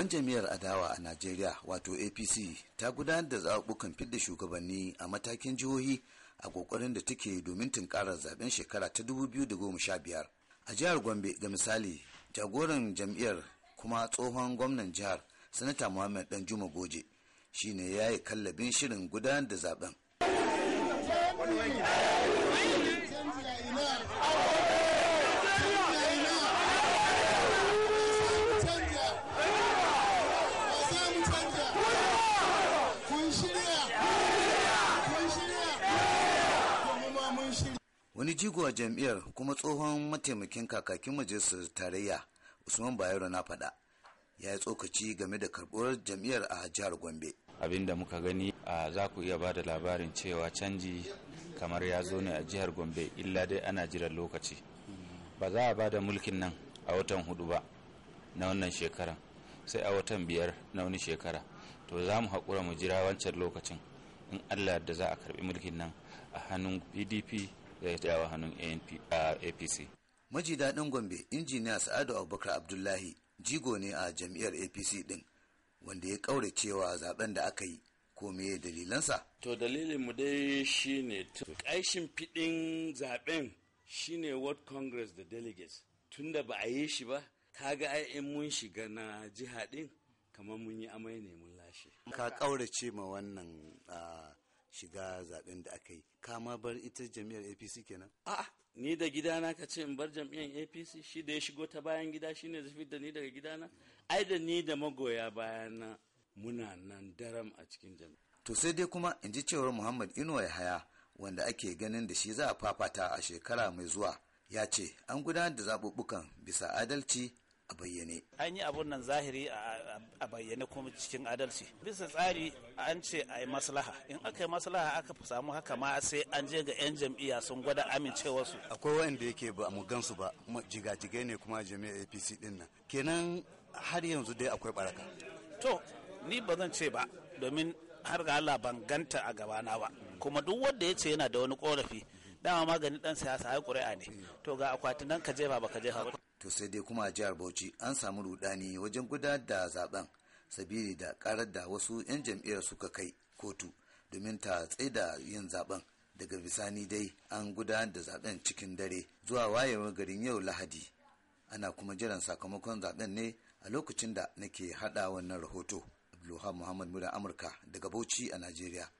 Babban jami'ar adawa a Najeriya wato APC ta gudanar da zaɓukan fidda shugabanni a matakin jihohi a ƙoƙarin da take domin tunkarar zaben shekara ta 2015. A jihar Gombe ga misali jagoran jam'iyyar kuma tsohon gwamnan jihar Sanata Muhammad Danjuma Goje shine ya yi kallabin shirin gudanar da zaben wani jigo a jam'iyyar kuma tsohon mataimakin kakakin majalisar tarayya usman bayero na faɗa ya yi tsokaci game da karɓuwar jam'iyyar a jihar gombe abinda muka gani a za ku iya ba da labarin cewa canji kamar ya zo ne a jihar gombe illa dai ana jiran lokaci ba za a ba da mulkin nan a watan hudu ba na wannan shekaran sai a watan biyar na wani shekara to za mu haƙura mu jira wancan lokacin in allah da za a karbi mulkin nan a hannun pdp da ya hannun apc maji daɗin gombe injiniya sa'adu abubakar abdullahi jigo ne a jam'iyyar apc ɗin wanda ya ƙaure cewa zaben da aka yi ko meye dalilansa to dalilin mu dai shine ƙaishin fiɗin zaben shine world congress da delegates tunda ba a yi shi ba kaga ai in mun shiga na jiha din kamar mun yi amai ne mun lashe ka kaurace ma wannan shiga zaben da aka yi Ka ma bar ita jami'ar apc kenan a ni da gidana ka ce in bar jam'iyyar apc shi da ya shigo ta bayan gida ne zafi da ni daga gidana ai da ni da magoya bayana muna nan daram a cikin jami'a to sai dai kuma in ji cewar muhammad inuwa yahaya wanda ake ganin da shi za a fafata a shekara mai zuwa ya ce an gudanar da zaɓuɓɓukan bisa adalci a bayyane. An yi abun nan zahiri a bayyane kuma cikin adalci. Bisa tsari an ce a yi maslaha. In aka yi maslaha aka samu haka ma sai an je ga 'yan jam'iyya sun gwada amincewarsu. Akwai wanda yake ba mu gansu ba kuma jigajigai ne kuma jami'a APC din nan. Kenan har yanzu dai akwai baraka. To ni ba zan ce ba domin har ga Allah ban ganta a gaba na ba. Kuma duk wanda ya ce yana da wani korafi dama magani ɗan siyasa ya ƙuri'a ne. Eh. To ga akwatin nan ka jefa ba ka jefa. to sai dai kuma a jihar bauchi an samu rudani wajen gudanar da zaben sabili da karar da wasu 'yan jam'iyyar suka kai kotu domin ta tsaida yin zaben daga bisani dai an gudanar da zaben cikin dare zuwa wayewar garin yau lahadi ana kuma jiran sakamakon zaben ne a lokacin da nake hada wannan rahoto abdulhamid muhammad muda amurka daga bauchi a najeriya